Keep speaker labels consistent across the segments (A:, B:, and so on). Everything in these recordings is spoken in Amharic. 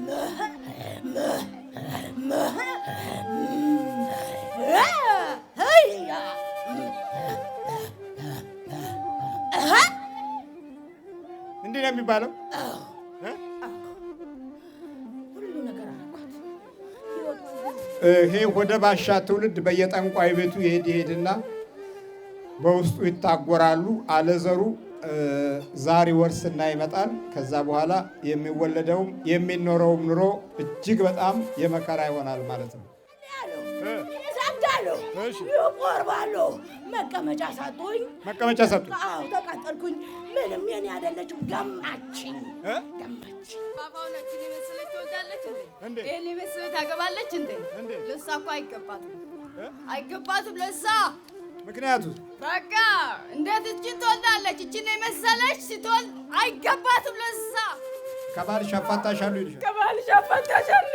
A: እንዲህ ነው የሚባለው። ይሄ ወደ ባሻ ትውልድ በየጠንቋይ ቤቱ ይሄድ ይሄድና በውስጡ ይታጎራሉ አለዘሩ ዛሬ ወር ይመጣል። ከዛ በኋላ የሚወለደውም የሚኖረውም ኑሮ እጅግ በጣም የመከራ ይሆናል ማለት ነው።
B: ቆርባለሁ መቀመጫ ሰጡኝ፣
A: መቀመጫ ሰጡኝ።
B: አዎ ተቃጠልኩኝ። ምንም የኔ አይደለችም። ገማችኝ
C: ገማችኝ። እንዴ? ይህን ታገባለች እንዴ? እኮ አይገባትም፣ አይገባትም ምክንያቱ በቃ እንዴት እችን ትወልዳለች? እችን የመሰለች ስትወልድ አይገባትም። ለዛ
A: ከባልሽ አፋታሻሉ ይልሻል።
D: ከባልሽ አፋታሻሉ።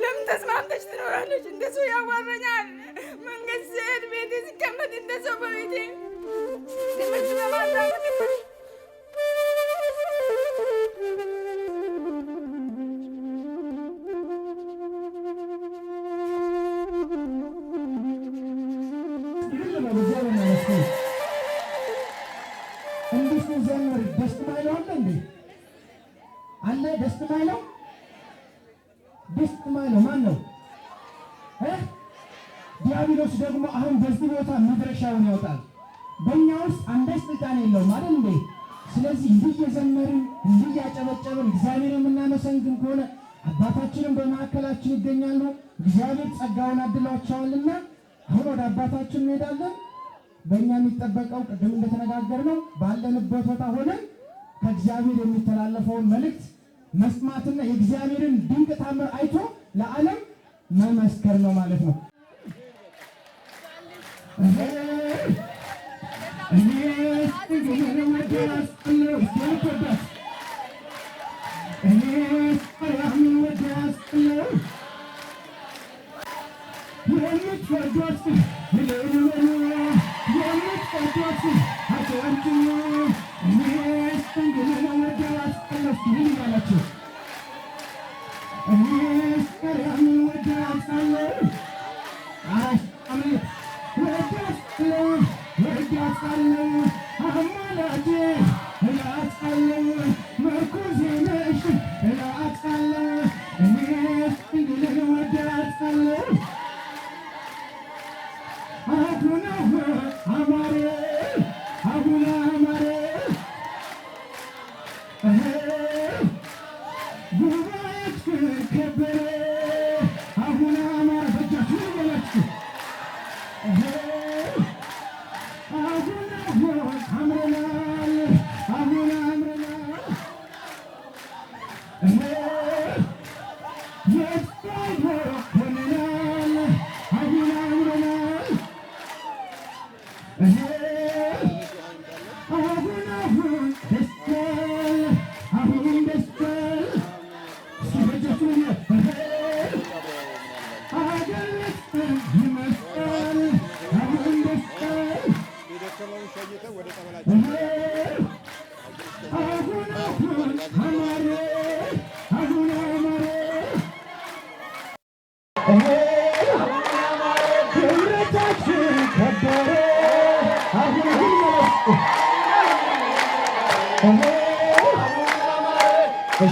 D: ለምን ተስማምተሽ ትኖራለች? እንደሱ ያዋረኛል። መንገድ ስሄድ ቤቴ ሲቀመጥ እንደሰው በቤቴ ትምህርት በማታ
A: እንዴት ነው ዘመር ደስ ማይለው አለ እንዴ አለ ደስ ማይለው ደስ ማይለው ማን ነው እ ዲያብሎስ ደግሞ አሁን በዚህ ቦታ መድረሻውን ያወጣል። በእኛ ውስጥ አንዳች ስልጣን የለውም አይደል እንዴ? ስለዚህ እንዲህ እየዘመርን እንዲህ እያጨበጨብን እግዚአብሔር የምናመሰግን ከሆነ አባታችንም በመካከላችን ይገኛሉ። እግዚአብሔር ጸጋውን አድሏቸዋልና አሁን ወደ አባታችን እንሄዳለን። በእኛ የሚጠበቀው ቅድም እንደተነጋገርነው ባለንበት ቦታ ሆነን ከእግዚአብሔር የሚተላለፈውን መልእክት መስማትና የእግዚአብሔርን ድንቅ ታምር አይቶ ለዓለም መመስከር ነው ማለት ነው። ወዳጅ አለ አይ አምልክ ወዳጅ አለ ወዳጅ አለ 네.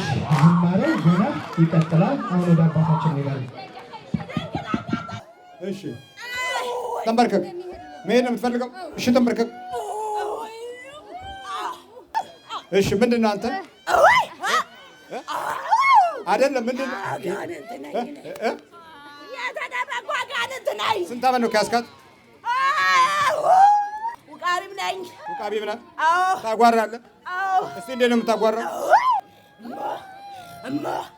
A: ዝማሬው ገና ይቀጥላል። አሁን ወደ አባታችን እንሄዳለን። እሺ ተንበርከክ። መሄድ ነው የምትፈልገው? እሺ ተንበርከክ። እሺ ምንድን ነው አንተ አይደለም ምንድን ነው ስንት ዓመት ነው ከያዝካት? ውቃቢም ነኝ። ውቃቢም ናት። ታጓራለህ? እስኪ እንዴት ነው የምታጓራው?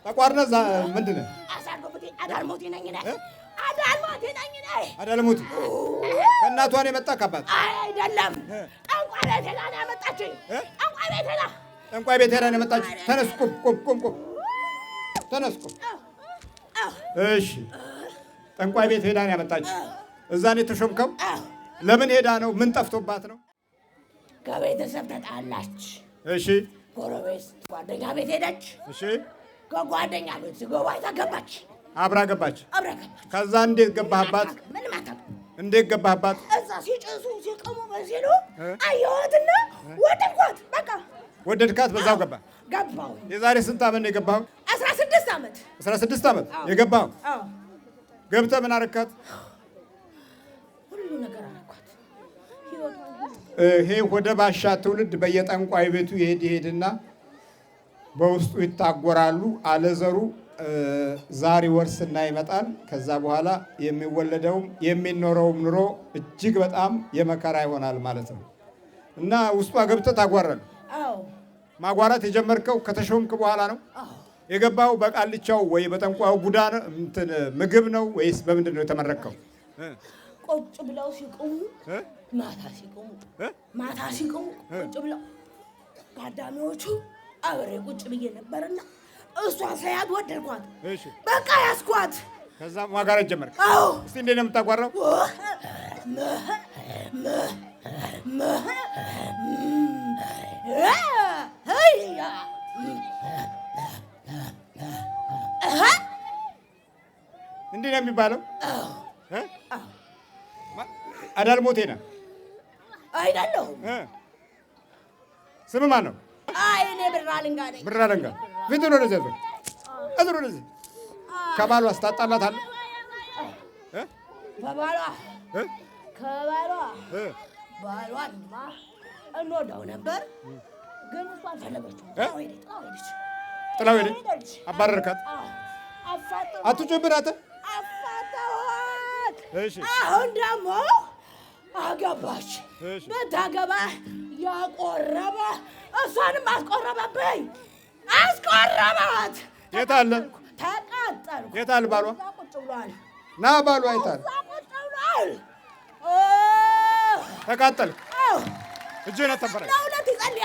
A: ተቋርነ እዛ ምንድን ነህ? አዳልሞቴ ነኝ አዳልሞቴ ከእናቷ ነው የመጣህ? ካባት አይደለም፣ ጠንቋይ ቤት ነው ያመጣችኝ። ጠንቋይ ቤት ጠንቋይ ቤት ነው የመጣችኝ። ተነስ፣ ቁም፣ ቁም፣ ቁም፣ ቁም፣ ተነስ፣ ቁም። እሺ፣ ጠንቋይ ቤት ነው ያመጣችኝ። እዛ ነው የተሾምከው? ለምን ሄዳ ነው? ምን ጠፍቶባት ነው? ከቤተሰብ ተጣላች። እሺ። ጎረቤት ጓደኛ ቤት ሄደች። እሺ። ከጓደኛ ቤት ስገባ ገባች። አብራ ገባች። አብራ ገባች። ከዛ እንዴት ገባህባት? ምን ማታ እንዴት ገባህባት? እዛ ሲጨሱ ሲቀሙ በዚሉ አየኋትና ወደድኳት። በቃ ወደድካት? በዛው ገባ ገባው። የዛሬ ስንት ዓመት ነው የገባው? 16 ዓመት 16 ዓመት የገባው። ገብተህ ምን አረካት? ይሄ ወደ ባሻ ትውልድ በየጠንቋይ ቤቱ ይሄድ ይሄድና በውስጡ ይታጎራሉ። አለዘሩ ዛር ይወርስና ይመጣል። ከዛ በኋላ የሚወለደውም የሚኖረውም ኑሮ እጅግ በጣም የመከራ ይሆናል ማለት ነው። እና ውስጧ ገብተህ ታጓራል። ማጓራት የጀመርከው ከተሾምክ በኋላ ነው። የገባው በቃልቻው ወይ በጠንቋዩ ቡዳ ምግብ ነው ወይስ በምንድን ነው የተመረከው? ቁጭ ብለው ሲቆሙ ማታ ሲቆሙ ማታ ሲቆሙ ቁጭ ብለው ታዳሚዎቹ አብሬ ቁጭ ብዬ ነበርና እሷ ሳያት ወደድኳት። በቃ ያስኳት። ከዛ ማጋረ ጀመር። አዎ፣ እስቲ እንዴት ነው የምታጓራው? እንዲህ ነው የሚባለው። አዳልሞቴ ነህ አይደለሁም። ስም ማን ነው? አይ እኔ ብራ ልንጋ ነኝ። ብራ ልንጋ ፊት ነው ፊትን ወደዚህ አዙር፣ አዙር ወደዚህ። ከባሏ ስታጣላታለህ? ከባሏ ከባሏ ባሏንማ እንወዳው ነበር፣ ግን እሷ አልፈለገችውም። ጥላው ሄደች። አባረርካት? አትጩህብን አንተ። አፋታኋት። አሁን ደግሞ አገባች። ብታገባ ያቆረበ እሷንም አስቆረበብኝ። አስቆረባት። የት አለ? ተቃጠልኩ። የት አለ? ባሏ ቁጭ ብሏል። ና ባሏ የት አለ? ቁጭ ብሏል። ተቃጠልክ። እጅ ነበረ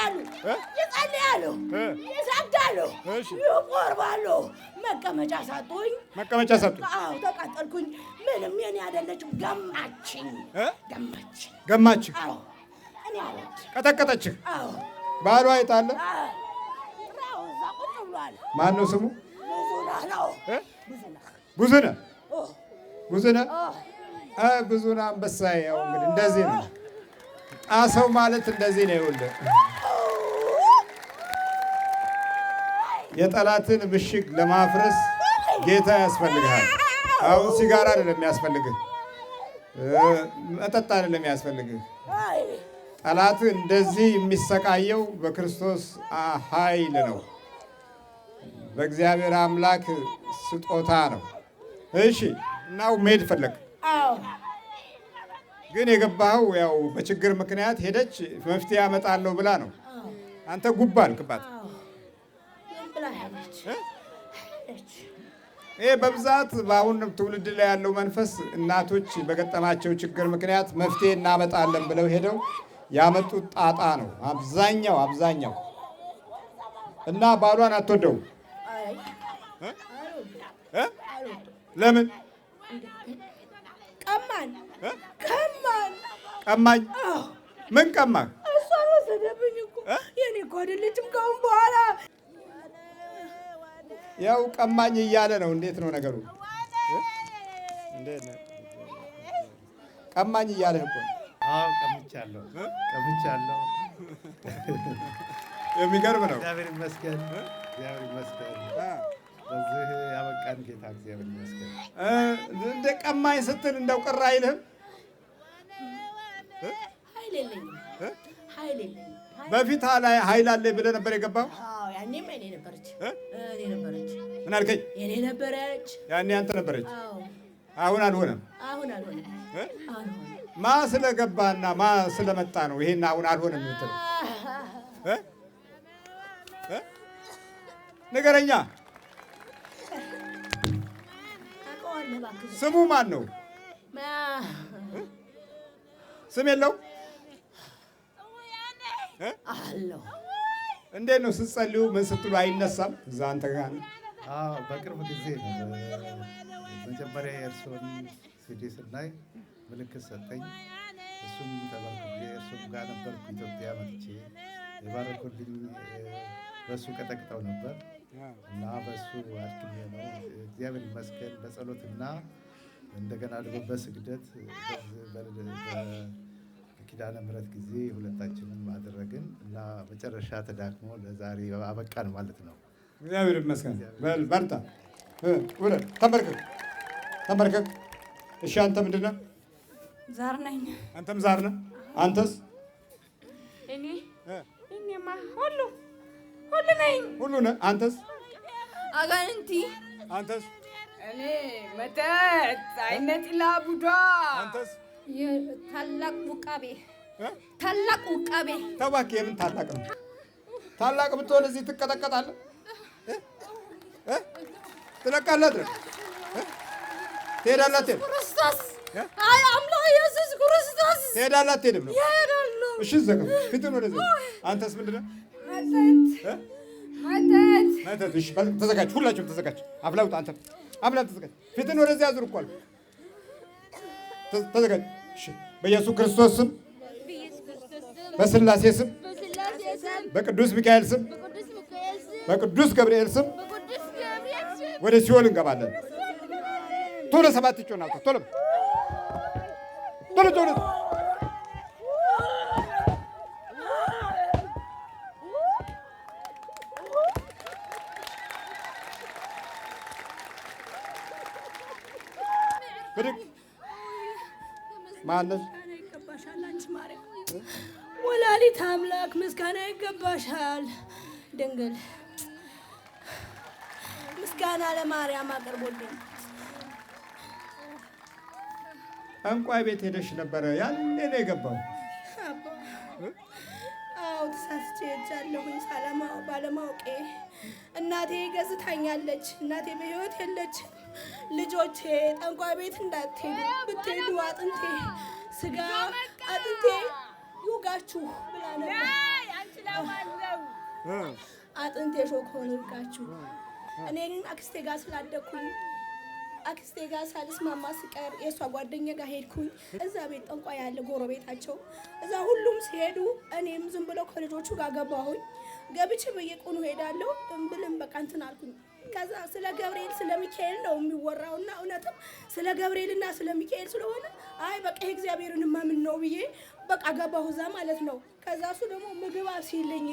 A: ይጸልያሉ፣ ይጸልያሉ፣ ይሰግዳሉ፣ ይቆርባሉ። መቀመጫ ሳጡኝ፣ መቀመጫ ሳጡኝ። አዎ ተቃጠልኩኝ። ምንም የኔ አይደለችም። ገማችኝ፣ ገማችኝ፣ ገማችኝ። አዎ እኔ አለች፣ ቀጠቀጠችህ። አዎ ባሏ አይጣለ። ማን ነው ስሙ? ብዙነህ ነው። ብዙነህ ብዙነህ ያው እንግዲህ እንደዚህ ነው። ጣሰው ማለት እንደዚህ ነው። ይኸውልህ የጠላትን ምሽግ ለማፍረስ ጌታ ያስፈልግሃል። አሁን ሲጋራ አይደለም የሚያስፈልግህ፣ መጠጥ አይደለም የሚያስፈልግህ። ጠላት እንደዚህ የሚሰቃየው በክርስቶስ ኃይል ነው፣ በእግዚአብሔር አምላክ ስጦታ ነው። እሺ እናው መሄድ ፈለግ ግን የገባኸው ያው በችግር ምክንያት ሄደች መፍትሄ አመጣለሁ ብላ ነው። አንተ ጉባ አልክባት። ይህ በብዛት በአሁን ትውልድ ላይ ያለው መንፈስ እናቶች በገጠማቸው ችግር ምክንያት መፍትሄ እናመጣለን ብለው ሄደው ያመጡት ጣጣ ነው። አብዛኛው አብዛኛው እና ባሏን አትወደው ለምን ቀማን ቀማን ቀማኝ ምን ቀማ እሷ ወሰደብኝ እኮ የኔ እኮ ከአሁን በኋላ ያው ቀማኝ እያለ ነው። እንዴት ነው ነገሩ? ቀማኝ እያለ እኮ ቀምቻለሁ፣ ቀምቻለሁ። የሚገርም ነው። እግዚአብሔር ይመስገን፣ እግዚአብሔር ይመስገን። በዚህ ያበቃን ጌታ እግዚአብሔር ይመስገን። እንደ ቀማኝ ስትል እንደው ቅር አይልህም? በፊት ላይ ኃይል አለ ብለህ ነበር የገባው ምን አልከኝ? የኔ ነበረች ያኔ አንተ ነበረች። አሁን አልሆነም። አሁን አልሆነም። ማ ስለገባና ማ ስለመጣ ነው ይሄን አሁን አልሆነም የምትለው ነገረኛ። ስሙ ማን ነው? ስም የለው። እንዴት ነው ስትጸልዩ ምን ስትሉ አይነሳም? እዛ አንተ ጋር በቅርብ ጊዜ መጀመሪያ የእርሶን ሲዲ ስናይ ምልክት ሰጠኝ። እሱም ተባልኩ እርሱም ጋር ነበርኩ ኢትዮጵያ መጥቼ የባረኩልኝ በእሱ ቀጠቅጠው ነበር እና በእሱ አድክሜ ነው። እግዚአብሔር ይመስገን በጸሎትና እንደገና ደግሞ በስግደት ኪዳነ ምሕረት ጊዜ ሁለታችንን ማድረግን እና መጨረሻ ተዳክሞ ለዛሬ አበቃን ማለት ነው። እግዚአብሔር ይመስገን። በል በርታ፣ ውረድ፣ ተንበርከክ፣ ተንበርከክ። እሺ፣ አንተ ምንድን ነህ? ዛር ነኝ። አንተም ዛር ነህ? አንተስ? እኔ እኔማ ሁሉ ሁሉ ነኝ። ሁሉ ነህ? አንተስ? አጋንቲ። አንተስ? እኔ መጠጥ አይነት ላቡዳ። አንተስ? ታላቅ ውቃቤ ታላቅ ውቃቤ። ተባክ የምን ታላቅ ነው? ታላቅ ብትሆን እዚህ ትቀጠቀጣለህ። ትለቃለት ነው ትሄዳላት ትሄዳላት ትሄድም ነው። እሺ ዘጋ ፊትን ወደ አንተስ ምንድን ነው? ተዘጋጅ፣ ሁላችሁም ተዘጋጅ። አፍላውጥ አንተ አፍላ ተዘጋጅ። ፊትን ወደዚህ አዙር እኮ አልኩ። ተዘጋጅ። በኢየሱስ ክርስቶስ ስም፣ በስላሴ ስም፣ በቅዱስ ሚካኤል ስም በቅዱስ ገብርኤል ስም ወደ ሲኦል እንገባለን። ቶሎ ሰባት ጮናቶ ቶሎ ቶሎ ቶሎ ማለሽ ወላሊት አምላክ ምስጋና ይገባሻል ድንግል ምስጋና ለማርያም አቅርቦልኝ። እንቋይ ቤት ሄደሽ ነበረ? ያኔ ነው የገባው። አዎ ተሳስቼ ሄጃለሁኝ ባለማወቄ። እናቴ ገዝታኛለች። እናቴ በህይወት የለች ልጆቼ ጠንቋይ ቤት እንዳትሄዱ፣ ብትሄዱ አጥንቴ ስጋ አጥንቴ ይውጋችሁ ብላ ነበር። አጥንቴ ሾክ ሆኖ ይውጋችሁ እኔ አክስቴ ጋር ስላደኩኝ አክስቴ ጋር ሳልስማማ ስቀር የእሷ ጓደኛ ጋር ሄድኩኝ። እዛ ቤት ጠንቋ ያለ ጎረቤታቸው፣ እዛ ሁሉም ሲሄዱ እኔም ዝም ብለው ከልጆቹ ጋር ገባሁኝ። ገብቼ በየቀኑ ሄዳለሁ። እምብልም በቃ እንትን አልኩኝ። ከዛ ስለ ገብርኤል ስለ ሚካኤል ነው የሚወራው እና እውነትም ስለ ገብርኤልና ስለ ሚካኤል ስለሆነ አይ በቃ እግዚአብሔርን ማምን ነው ብዬ በቃ ገባሁ እዛ ማለት ነው። ከዛ እሱ ደግሞ ምግብ ሲልኝ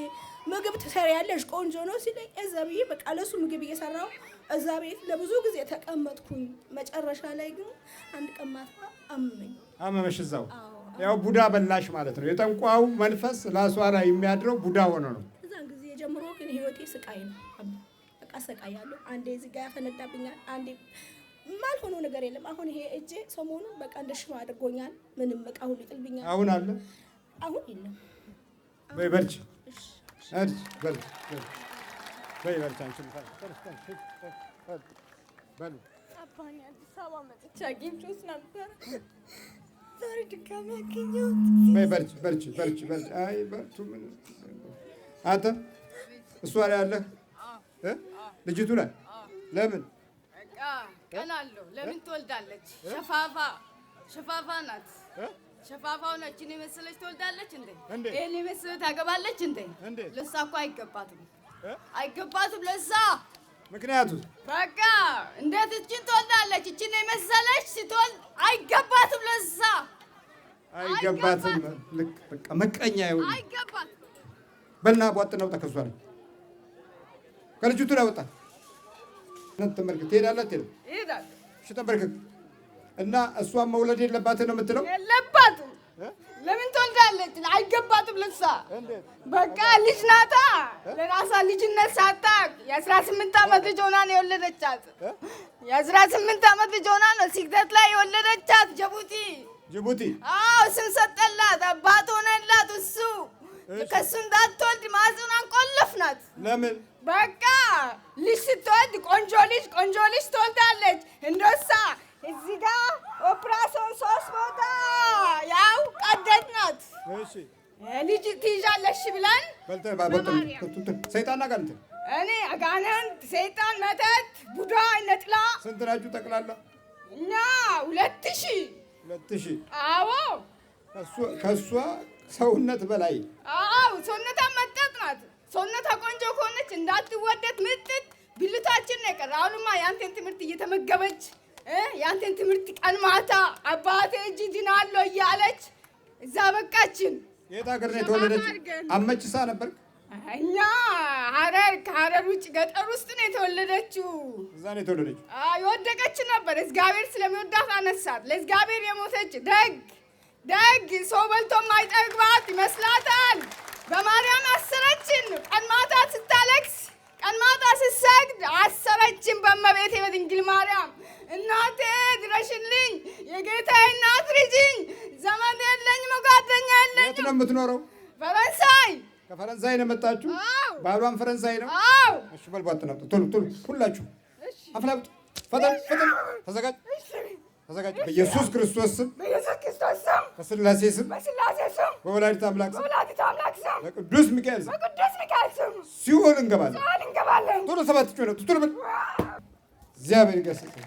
A: ምግብ ትሰሪያለሽ ቆንጆ ነው ሲለኝ እዛ ብዬ በቃ ለሱ ምግብ እየሰራው እዛ ቤት ለብዙ ጊዜ ተቀመጥኩኝ። መጨረሻ ላይ ግን አንድ ቀን ማታ አመመኝ። አመመሽ እዛው ያው ቡዳ በላሽ ማለት ነው። የጠንቋው መንፈስ ላሷ ላይ የሚያድረው ቡዳ ሆኖ ነው። እዛን ጊዜ ጀምሮ ግን ህይወቴ ስቃይ ነው። በቃ ሰቃያለሁ። አንዴ እዚህ ጋር ያፈነዳብኛል። አንዴ ማልሆኑ ነገር የለም። አሁን ይሄ እጄ ሰሞኑን በቃ እንደ አድርጎኛል። ምንም እቃ ሁሉ ይጥልብኛል። አሁን አለ አሁን የለም። Bey Berç. Berç, Berç, Berç. Bey Berç, sen şimdi. Berç, Berç, Berç. Berç. Apa ne? Salam edin. Çakayım çok snapta. Sarı dükkanı akıyor. Bey Berç, Berç, Berç, Berç. Ay Berç, tu men. Ata? Suar yerle. He? Lejituna. Lemin. Ah, kanallo. Lemin toldalet. Şafafa. Şafafa nat. He? ሸፋፋውን እችን የመሰለች ትወልዳለች እንዴ? ይህን የመሰለ ታገባለች እንዴ? ለሳ እኮ አይገባትም፣ አይገባትም ለሳ። ምክንያቱ በቃ እንዴት እችን ትወልዳለች? እችን የመሰለች ስትወልድ አይገባትም፣ ለሳ አይገባትም። በቃ መቀኛ ይሆን አይገባትም። በልና ቧጥ ነውጣ፣ ከሷ ላይ ከልጅቱ ላይ ወጣ። ተመልክት ትሄዳለህ፣ ትሄዳለህ። እሺ ተንበርክክ እና እሷን መውለድ የለባት ነው የምትለው? የለባት ለምን ትወልዳለች? አይገባትም። ለሳ በቃ ልጅ ናታ። ለራሷ ልጅነት ሳታ የአስራ ስምንት ዓመት ልጅ ሆና ነው የወለደቻት። የአስራ ስምንት ዓመት ልጅ ሆና ነው ሲግደት ላይ የወለደቻት። ጅቡቲ ጅቡቲ። አዎ ስም ሰጠላት፣ አባት ሆነላት እሱ ከእሱ እንዳትወልድ ማዕፀን አንቆለፍናት። ለምን በቃ ልጅ ስትወልድ ቆንጆ ልጅ ቆንጆ ልጅ ትወልዳለች እንደሳ እዚህ ጋ ኦፕራሲዮን ሶስት ቦታ ያው ቀደድ ናት ልጅ ትይዣለሽ ብለን ሰይጣን አጋንንት እኔ አጋንንት ሰይጣን መተት ቡዳ ነጥላ ስንት ናችሁ ጠቅላላ? እኛ ሁለት ሺህ ሁለት ሺህ አዎ ከእሷ ሰውነት በላይ አዎ ሰውነቷ መጠጥ ናት። ሰውነቷ ቆንጆ ከሆነች እንዳትወደድ ምጥጥ ብልታችን ነው የቀረ። አሁንማ የአንተን ትምህርት እየተመገበች የአንተን ትምህርት ቀን ማታ አባቴ እጅ ድናለሁ እያለች እዛ በቃችን። የት ሀገር ነው የተወለደች? አመችሳ ነበር። እኛ ሀረር ከሀረር ውጭ ገጠር ውስጥ ነው የተወለደችው። እዛ ነው የተወለደች። የወደቀች ነበር። እግዚአብሔር ስለሚወዳት አነሳት። ለእግዚአብሔር የሞተች ደግ ደግ ሰው በልቶ ማይጠግባት ይመስላታል። በማርያም አሰረችን ቀን ማታ ጌታዬ እናት ልጅኝ ዘመን የለኝም፣ ጓደኛ የለኝም። የት ነው የምትኖረው? ፈረንሳይ። ከፈረንሳይ ነው የመጣችሁ? ባሏን ፈረንሳይ ነው። እሺ በል ባትናብጡ፣ ቶሎ ቶሎ ሁላችሁ አፍላብጡ። ፈጠን ፈጠን፣ ተዘጋጅ ተዘጋጅ። በኢየሱስ ክርስቶስ ስም፣ በስላሴ ስም፣ በወላዲት አምላክ ስም፣ በቅዱስ ሚካኤል ስም ሲኦል እንገባለን። ቶሎ ሰባት ጮ ነው ቶሎ በል እግዚአብሔር ይመስገን።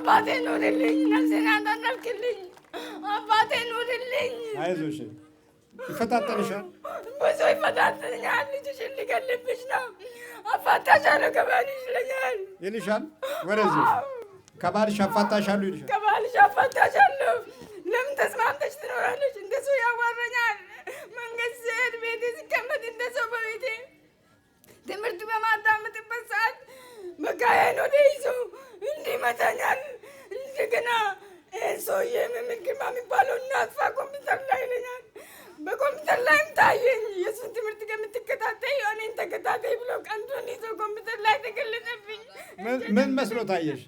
A: አባቴ ኑርልኝ፣ ነፍሴን አተረፍክልኝ። አባቴ ኑርልኝ። አይዞሽ፣ ይፈታተንሻል፣ ብዙ ይፈታተንኛል። ልጅሽን ሊገልብሽ ነው። አፋታሻለሁ ከባልሽ ይለኛል፣ ይልሻል። ወደዚህ ከባልሽ አፋታሻለሁ ይልሻል፣ ከባልሽ አፋታሻለሁ። ለምን ተስማምተሽ ትኖራለች? እንደሱ ያዋረኛል። መንገድ ስሄድ ቤቴ ሲቀመጥ እንደሰው በቤቴ ትምህርት በማዳምጥበት ሰዓት መካሄድ ወደ ይዞ እንዲመታኛል። እንደገና ሰውዬ ግርማ የሚባለው እናጥፋ ኮምፒውተር ላይ ይለኛል። በኮምፒውተር ላይም ታየኝ። የሱን ትምህርት ከምትከታተይ የሆነኝ ተከታተይ ብሎ ቀንዱን ይዞ ኮምፒውተር ላይ ተገለጠብኝ። ምን መስሎ ታየሽ?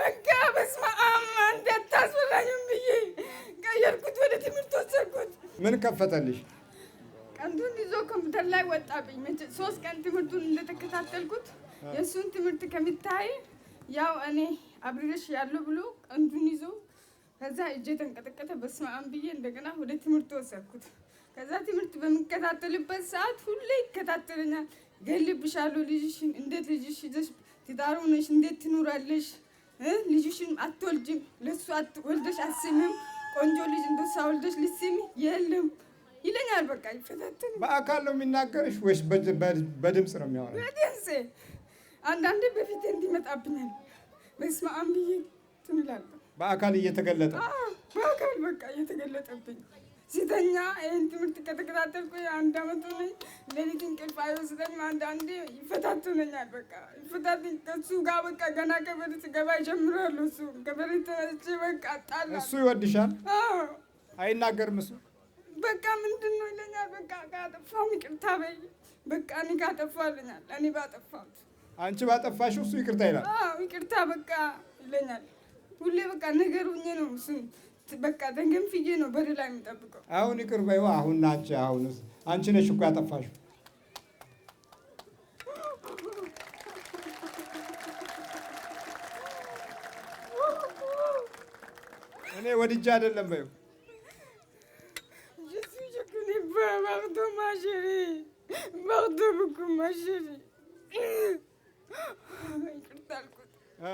A: በቃ በስመ አብ አንተ አታስበላኝም ብዬ ቀየርኩት፣ ወደ ትምህርት ወሰድኩት። ምን ከፈተልሽ? ቀንዱን ይዞ ኮምፒውተር ላይ ወጣብኝ። ሶስት ቀን ትምህርቱን እንደተከታተልኩት የእሱን ትምህርት ከሚታይ ያው እኔ አብሬሽ ያለው ብሎ ቀንዱን ይዞ ከዛ እጄ ተንቀጠቀጠ። በስመ አብ ብዬ እንደገና ወደ ትምህርት ወሰድኩት። ከዛ ትምህርት በሚከታተልበት ሰዓት ሁሌ ይከታተለኛል። ገልብሻለሁ፣ ልጅሽን እንዴት ልጅሽ ይዘሽ ትዳሩ ነሽ እንዴት ትኖራለሽ? ልጅሽን አትወልጅም፣ ለሱ ወልደሽ አስምም፣ ቆንጆ ልጅ እንደሳ ወልደሽ ልስም የለም ይለኛል። በቃ ይከታተል። በአካል ነው የሚናገርሽ ወይስ በድምፅ ነው የሚያወራ? በድምፅ አንዳንዴ በፊት እንዲመጣብኛል በስመ አብ ብዬ ትንላለሁ። በአካል እየተገለጠ በአካል በቃ እየተገለጠብኝ ሲተኛ ይህን ትምህርት ከተከታተልኩ አንድ አመቱ ነኝ። ሌሊት እንቅልፍ አይወስደኝም። አንዳንዴ ይፈታተነኛል። በቃ ይፈታት ከሱ ጋር በቃ ገና ገበሬ ስገባ ይጀምራሉ። እሱ ገበሬ ተነስቼ በቃ ጣላ። እሱ ይወድሻል፣ አይናገርም። እሱ በቃ ምንድን ነው ይለኛል። በቃ ካጠፋም ይቅርታ በይ፣ በቃ እኔ ካጠፋ ይለኛል። እኔ ባጠፋት አንቺ ባጠፋሽው እሱ ይቅርታ ይላል። ይቅርታ በቃ ይለኛል። ሁሌ በቃ ነገር ሁኜ ነው እሱን በቃ ደንገምፍዬ ነው በደላ የሚጠብቀው። አሁን ይቅር በይው። አሁን ናቸ አሁን አንቺ ነሽ እኮ ያጠፋሽው። እኔ ወድጄ አይደለም በይው። ርዶ ማሽሪ ብኩ ይቅርታ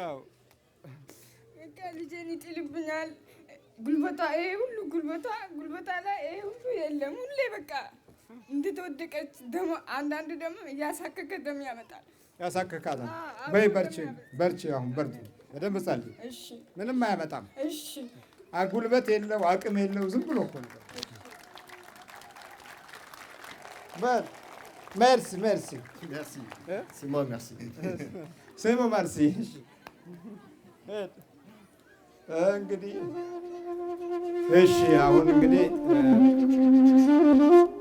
A: አዎ በቃ ልጄን ይጥልብኛል። ጉልበቷ ይሄ ሁሉ ጉልበቷ ጉልበቷ ላይ ይሄ ሁሉ የለም። ሁሌ በቃ እንድትወደቀች ደግሞ አንዳንድ ደግሞ እያሳከከ ደም ያመጣል። ያሳከካታል። በይ በርቺ፣ በርቺ፣ አሁን በርቺ፣ በደንብ ጸልይ። ምንም አያመጣም። ጉልበት የለው አቅም የለው ዝም ብሎ እኮ ነው። Merci, merci. Merci. Hein? C'est moi, merci. C'est moi, merci. እንግዲህ እሺ አሁን እንግዲህ